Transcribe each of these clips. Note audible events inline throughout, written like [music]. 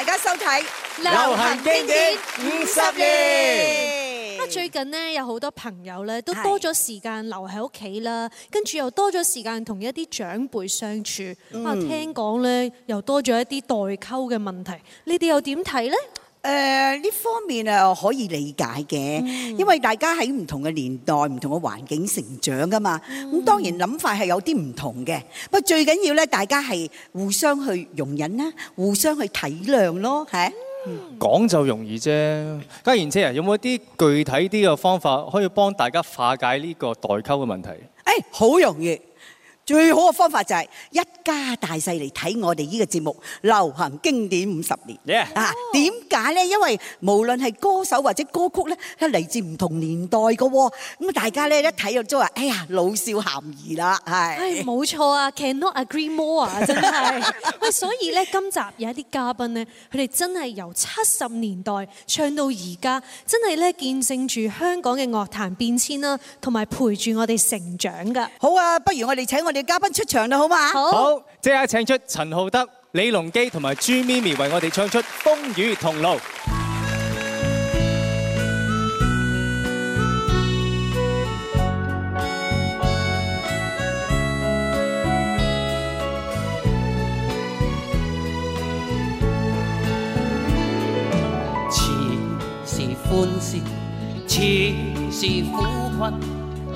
大家收睇流行經典五十年。啊，最近咧，有好多朋友咧，都多咗時間留喺屋企啦，的跟住又多咗時間同一啲長輩相處。啊、嗯，聽講咧，又多咗一啲代溝嘅問題，你哋又點睇咧？誒呢方面誒可以理解嘅，因為大家喺唔同嘅年代、唔同嘅環境成長㗎嘛，咁當然諗法係有啲唔同嘅。不過最緊要咧，大家係互相去容忍啦，互相去體諒咯，嚇。講就容易啫。家燕姐啊，有冇一啲具體啲嘅方法可以幫大家化解呢個代溝嘅問題？誒，好容易。最好嘅方法就係一家大細嚟睇我哋依個節目《流行經典五十年》。啊，點解咧？因為無論係歌手或者歌曲咧，都嚟自唔同年代嘅喎。咁啊，大家咧一睇就都話，哎呀，老少咸宜啦，係。係冇錯啊，can not agree more 啊，真係。喂，所以咧，今集有一啲嘉賓咧，佢哋真係由七十年代唱到而家，真係咧見證住香港嘅樂壇變遷啦，同埋陪住我哋成長噶。好啊，不如我哋請我哋。嘉賓出場啦，好嘛？好，即刻請出陳浩德、李龍基同埋朱咪咪為我哋唱出《風雨同路》。似 [music] 是歡笑，似是苦困。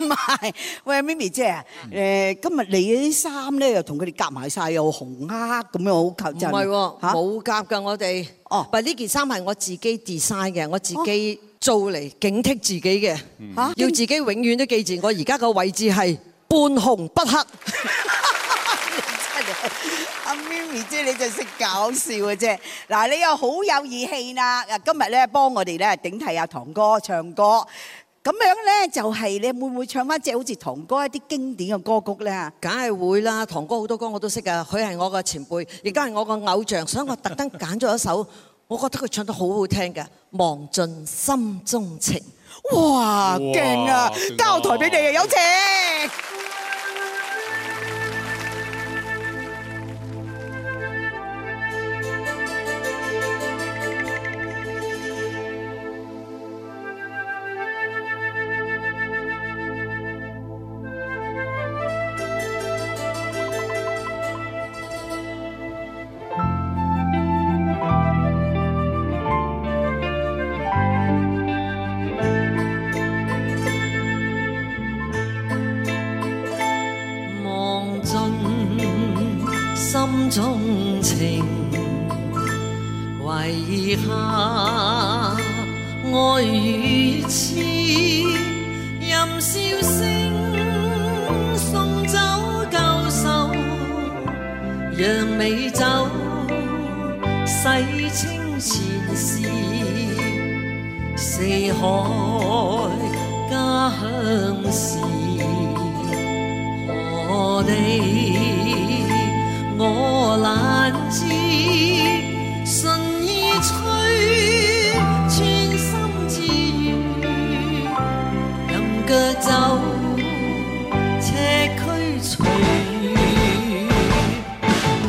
唔係，喂，咪咪姐啊，誒，今日你啲衫咧又同佢哋夾埋曬，又紅黑咁樣，好吸引。唔係喎，冇夾噶，我哋。哦，唔係呢件衫係我自己 design 嘅，我自己做嚟警惕自己嘅。嚇！要自己永遠都記住，我而家個位置係半紅不黑。真係，阿咪咪姐你就識搞笑嘅啫。嗱，你又好有義氣啦！啊，今日咧幫我哋咧頂替阿棠哥唱歌。咁樣呢，就係你會唔會唱返隻好似棠哥一啲經典嘅歌曲呢？梗係會啦，棠哥好多歌我都識㗎。佢係我個前輩，亦都係我個偶像，所以我特登揀咗一首，我覺得佢唱得好好聽㗎。忘 [laughs] 盡心中情》。哇，勁啊！交、啊、台畀你，有請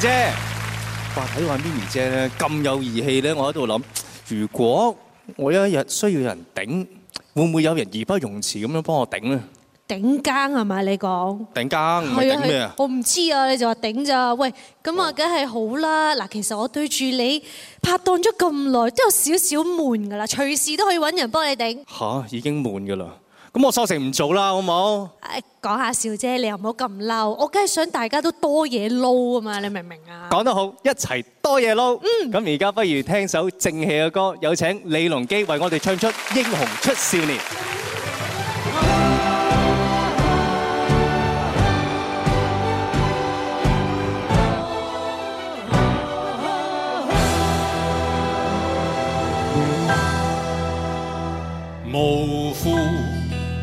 姐，話睇話咪咪姐咧咁有義氣咧，我喺度諗，如果我有一日需要人頂，會唔會有人義不容辭咁樣幫我頂咧？頂更係咪？你講頂更，定咩啊？我唔知啊，你就話頂咋？喂，咁啊，梗係好啦。嗱，其實我對住你拍檔咗咁耐，都有少少悶噶啦，隨時都可以揾人幫你頂。吓，已經悶噶啦。咁我收成唔做啦，好唔好？誒，講下笑姐，你又唔好咁嬲，我梗係想大家都多嘢撈啊嘛，你明唔明啊？講得好，一齊多嘢撈。嗯，咁而家不如聽首正氣嘅歌，有請李龍基為我哋唱出《英雄出少年》。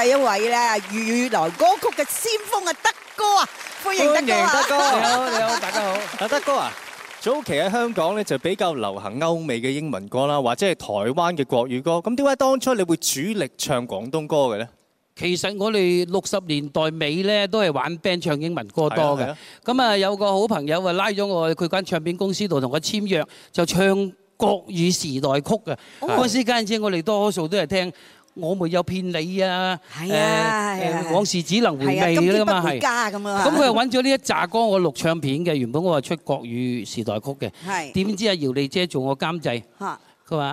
第一位咧，粵語來歌曲嘅先鋒啊，德哥啊，歡迎德哥！德哥你好，你好， [laughs] 大家好。阿德哥啊，早期喺香港咧就比較流行歐美嘅英文歌啦，或者係台灣嘅國語歌。咁點解當初你會主力唱廣東歌嘅咧？其實我哋六十年代尾咧都係玩 band 唱英文歌多嘅。咁啊，有個好朋友啊拉咗我去佢間唱片公司度同佢簽約，就唱國語時代曲嘅。嗰的時間我哋多數都係聽。我沒有騙你啊！係啊，係啊，往事只能回味㗎啦嘛。咁邊個加咁啊？咁佢係揾咗呢一紮歌我錄唱片嘅，原本我係出國語時代曲嘅。係。點知阿姚莉姐做我監製，嚇，佢話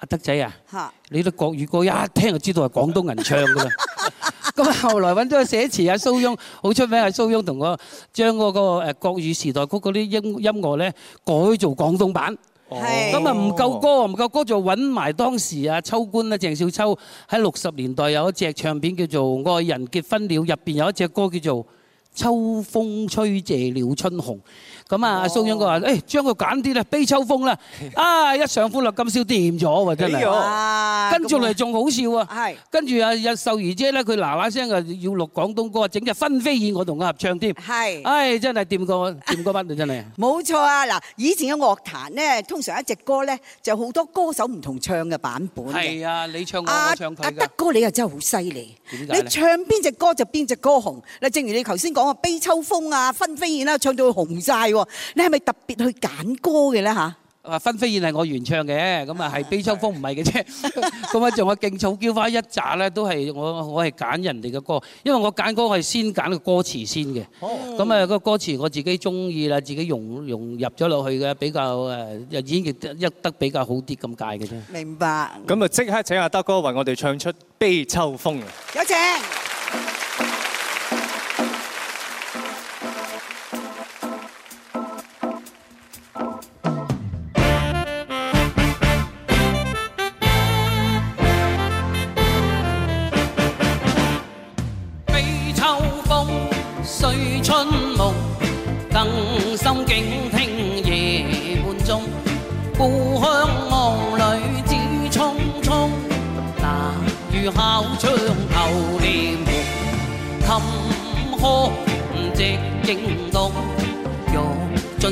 阿德仔啊，嚇，你啲國語歌一聽就知道係廣東人唱㗎啦。咁後來揾咗個寫詞啊，蘇翁好出名係蘇翁，同我將嗰個誒國語時代曲嗰啲音音樂咧改做廣東版。咁啊，唔夠歌唔夠歌，就揾埋當時啊秋官啊鄭少秋喺六十年代有一隻唱片叫做《愛人結婚了》，入邊有一隻歌叫做《秋風吹謝了春紅》。咁啊，蘇英哥話，誒，將佢揀啲啦，悲秋風啦，啊，一上歡樂今宵掂咗喎，真係，跟住嚟仲好笑啊，係，跟住啊，阿秀兒姐咧，佢嗱嗱聲啊，要錄廣東歌，整隻分飛燕，我同佢合唱添，係，誒，真係掂過，掂過乜你真係？冇錯啊，嗱，以前嘅樂壇咧，通常一隻歌咧，就好多歌手唔同唱嘅版本嘅，係啊，你唱過我唱過佢嘅，阿德哥你又真係好犀利，點解咧？你唱邊隻歌就邊隻歌紅，嗱，正如你頭先講啊，悲秋風啊，分飛燕啦，唱到紅晒喎。你係咪特別去揀歌嘅咧吓？話《分飛燕》係我原唱嘅，咁啊係《悲秋風》唔係嘅啫。咁啊仲有《勁草嬌花一紮》咧，都係我我係揀人哋嘅歌，因為我揀歌係先揀個歌詞先嘅。哦。咁啊個歌詞我自己中意啦，自己融融入咗落去嘅，比較誒又演繹得一得比較好啲咁解嘅啫。明白。咁啊即刻請阿德哥為我哋唱出《悲秋風》。有請。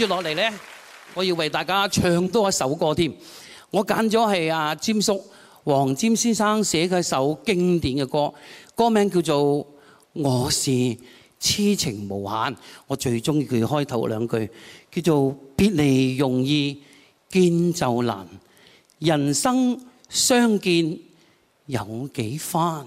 接落嚟呢，我要為大家唱多一首歌添。我揀咗係阿霑叔黃霑先生寫嘅一首經典嘅歌，歌名叫做《我是痴情無限》。我最中意佢開頭兩句，叫做「別離容易見就難，人生相見有幾番」。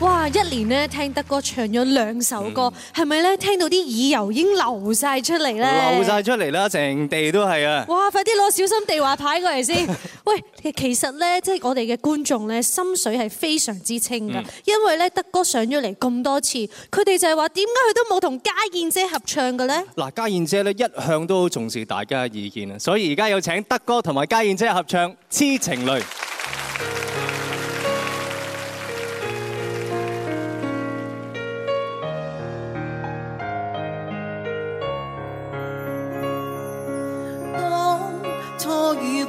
哇！謝謝一年咧聽德哥唱咗兩首歌，係咪咧聽到啲耳油已經流晒出嚟咧？流晒出嚟啦，成地都係啊！哇！快啲攞小心地滑牌過嚟先。 [laughs] 喂，其實呢，即係我哋嘅觀眾呢，心水係非常之清㗎。嗯、因為呢，德哥上咗嚟咁多次，佢哋就係話點解佢都冇同嘉燕姐合唱㗎呢？嗱，嘉燕姐呢，一向都重視大家嘅意見啊，所以而家有請德哥同埋嘉燕姐合唱《痴情淚》。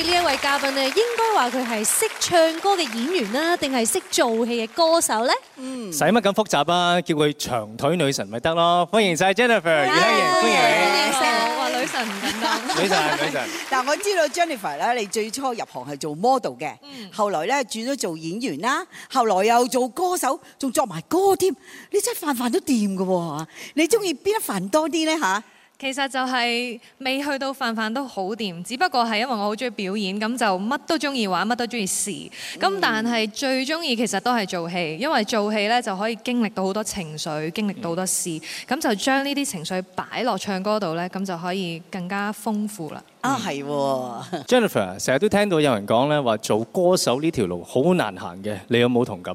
呢一位嘉賓咧，應該話佢係識唱歌嘅演員啦，定係識做戲嘅歌手咧？嗯，使乜咁複雜啊？叫佢長腿女神咪得咯？歡迎晒 Jennifer，歡迎歡迎。哇，女神唔簡單，女神女神。嗱，我知道 Jennifer 咧，你最初入行係做 model 嘅，後來咧轉咗做演員啦，後來又做歌手，仲作埋歌添。你真係範範都掂嘅喎，你中意邊一範多啲咧嚇？其實就係未去到飯飯都好掂，只不過係因為我好中意表演，咁就乜都中意玩，乜都中意試。咁、嗯、但係最中意其實都係做戲，因為做戲呢就可以經歷到好多情緒，經歷到好多事，咁、嗯、就將呢啲情緒擺落唱歌度呢，咁就可以更加豐富啦。啊，係、哦。 [laughs] Jennifer 成日都聽到有人講呢，話做歌手呢條路好難行嘅，你有冇同感？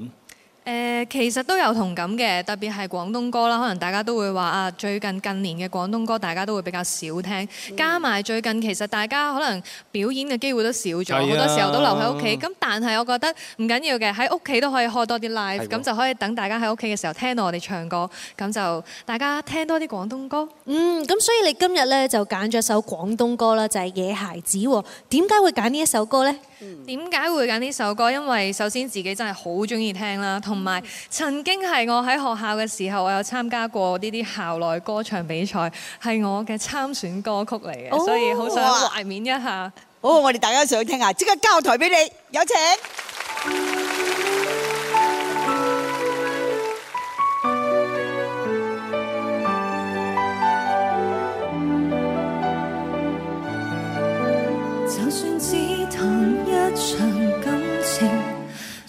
誒其實都有同感嘅，特別係廣東歌啦。可能大家都會話啊，最近近年嘅廣東歌大家都會比較少聽，嗯、加埋最近其實大家可能表演嘅機會都少咗，好、啊、多時候都留喺屋企。咁、啊、但係我覺得唔緊要嘅，喺屋企都可以開多啲 live，咁就可以等大家喺屋企嘅時候聽到我哋唱歌，咁就大家聽多啲廣東歌。嗯，咁所以你今日呢就揀咗首廣東歌啦，就係、係《野孩子》。點解會揀呢一首歌呢？點解、嗯、會揀呢首歌？因為首先自己真係好中意聽啦，同。同埋，曾經係我喺學校嘅時候，我有參加過呢啲校內歌唱比賽，係我嘅參選歌曲嚟嘅，oh. 所以好想懷念一下。Oh. 好，我哋大家想聽呀，即刻交台俾你，有請。 [music]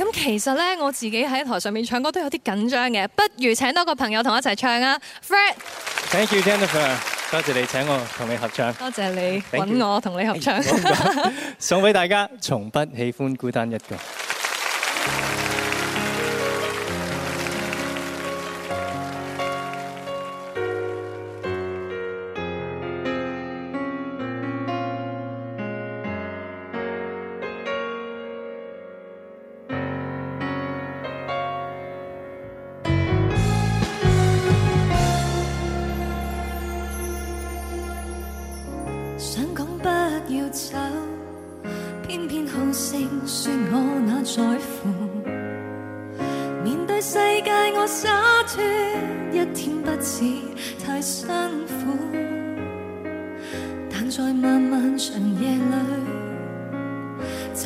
咁其實咧，我自己喺台上面唱歌都有啲緊張嘅，不如請多個朋友同我一齊唱啊 Friend Thank you, Jennifer，多謝你請我同你合唱。多謝你揾我同你合唱。送俾大家，從不喜歡孤單一個。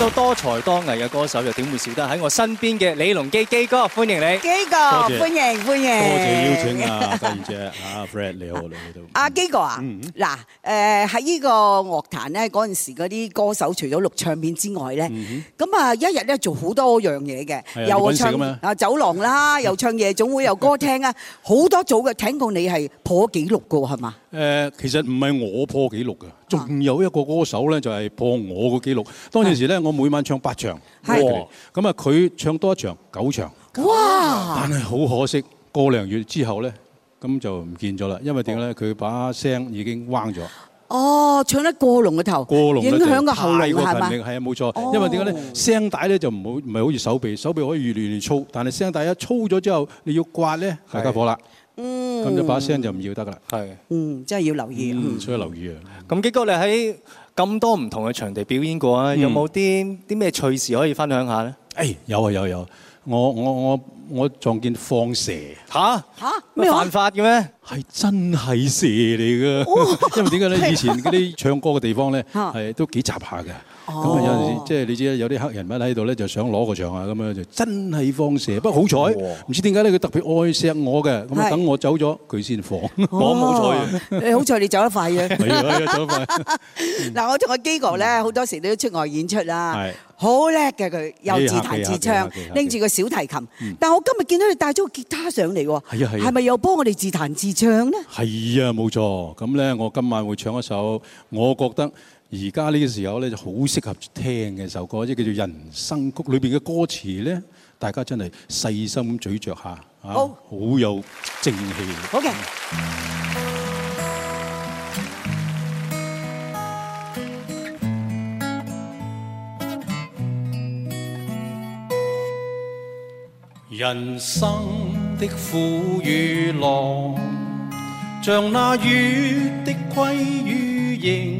多多才多藝嘅歌手又點會少得喺我身邊嘅李龍基基哥，歡迎你，基哥，歡迎歡迎，多謝邀請啊，多謝啊，Fred 你好，你好喺度。阿基哥啊，嗱，誒喺呢個樂壇咧，嗰陣時嗰啲歌手除咗錄唱片之外咧，咁啊一日咧做好多樣嘢嘅，又唱啊走廊啦，又唱夜總會又歌廳啊，好多組嘅，聽過你係破紀錄嘅喎，係嘛？誒，其實唔係我破紀錄嘅。仲有一個歌手咧，就係破我個記錄。當陣時咧，我每晚唱八場，咁啊，佢唱多一場九場。哇！但係好可惜，個零月之後咧，咁就唔見咗啦。因為點解咧？佢把聲已經彎咗。哦，唱得過龍嘅頭，過龍過影響個喉嚨係嘛？係啊嗎，冇錯。因為點解咧？聲帶咧就唔好，唔係好似手臂，手臂可以越嚟越粗，但係聲帶一粗咗之後，你要刮咧，大家火啦。咁就把聲就唔要得㗎喇，係，嗯，真係要、嗯就是、要留意，嗯，唔需要留意啊、嗯。咁基哥你喺咁多唔同嘅場地表演過啊，有冇啲啲咩趣事可以分享一下咧？誒，有啊有有，我我我我撞見放蛇嚇嚇咩犯法嘅咩？係真係蛇嚟噶，因為點解咧？嗎以前嗰啲唱歌嘅地方咧係的的都幾雜下嘅。咁啊，有陣時即係你知啦，有啲黑人物喺度咧，就想攞個場啊，咁樣就真係放蛇，不過好彩，唔知點解咧，佢特別愛錫我嘅，咁啊是的 等我走咗，佢先放，我冇錯。你好彩你走得快嘅，啊！快。嗱，我同阿基哥咧，好多時都出外演出啦，好叻嘅佢，又自彈自唱，拎住個小提琴。嗯、但我今日見到你帶咗個吉他上嚟喎，係咪又幫我哋自彈自唱咧？係啊，冇錯。咁咧，我今晚會唱一首，我覺得，而家呢個時候咧，就好適合聽嘅首歌，即叫做《人生曲》裏邊嘅歌詞咧，大家真係細心咀嚼下，啊好，好有正氣。好嘅的。嗯、人生的苦與樂，像那月的虧與盈。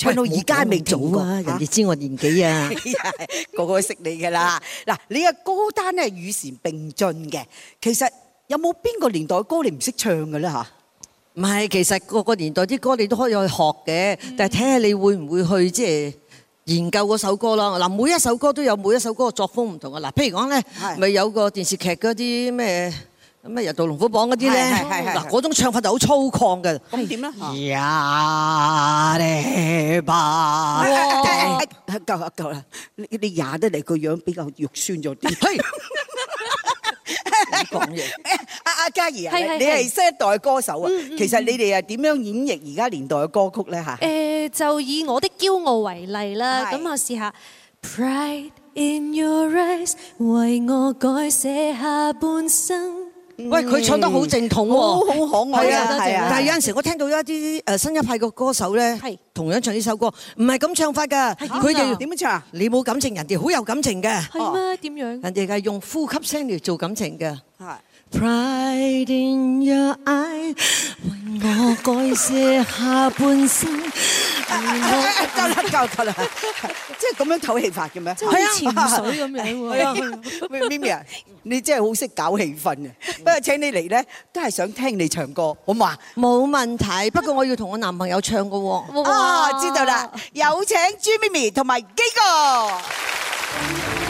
唱到而家未早啊！人哋知我年紀啊，個個都識你噶啦。嗱，你嘅歌單咧與時並進嘅，其實有冇邊個年代歌你唔識唱嘅咧吓？唔係，其實個個年代啲歌你都可以去學嘅，嗯、但係睇下你會唔會去即係研究嗰首歌咯。嗱，每一首歌都有每一首歌嘅作風唔同啊。嗱，譬如講咧，咪有個電視劇嗰啲咩？咁啊，又到龍虎榜嗰啲咧，嗱嗰種唱法就好粗獷嘅。咁唔點咧？呀！你把夠啦夠啦，你呀得嚟個樣比較肉酸咗啲。講嘢，阿阿嘉怡啊，你係新一代歌手啊，其實你哋係點樣演繹而家年代嘅歌曲咧？嚇誒，就以我的驕傲為例啦。咁啊，我試下。喂，佢唱得好正統喎，好好、嗯、可愛啊。哦、但係有陣時我聽到一啲新一派個歌手呢，同樣唱呢首歌，唔係咁唱法㗎。佢哋點樣唱？你冇感情，人哋好有感情㗎。係咩？點、哦、樣？人哋係用呼吸聲嚟做感情㗎。Pride in your eyes，為我改寫下半生。夠啦夠啦，即係咁樣唞氣法嘅咩？即係潛水咁樣、啊 [laughs] 對。咪咪啊，你真係好識搞氣氛啊！ [laughs] 不過請你嚟咧，都係想聽你唱歌，好唔好？冇問題，不過我要同我男朋友唱噶、哦。哇啊，知道啦，有請朱咪咪同埋基哥。嗯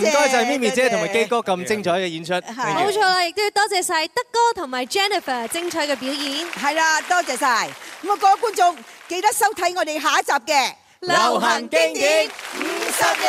多謝曬咪咪姐同埋基哥咁精彩嘅演出，冇錯啦，亦都要多謝曬德哥同埋 Jennifer 精彩嘅表演，係啦，多謝曬。咁啊，各位觀眾記得收睇我哋下一集嘅流行經典五十年。